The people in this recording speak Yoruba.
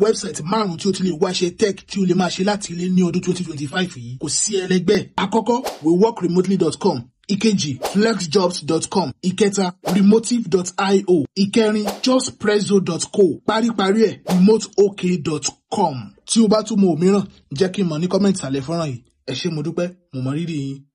wẹ́bsáìtì márùn-ún tí o ti lè wáṣẹ tech tí o lè máa ṣe láti ilé ní ọdún 2025 yìí kò sí ẹlẹgbẹ́. àkọ́kọ́ weworkremotely.com ìkejì flexjobs.com ìkẹta remotive.io ìkẹrin justprezzo.co paríparí ẹ̀ remoteok.com tí o bá tún mọ òmíràn jẹ́ kí n mọ̀ ní kọ́mẹ̀ntì àlẹ́ fọ́nrán yìí ẹ ṣé mo dúpẹ́ mo mọ rírì yín.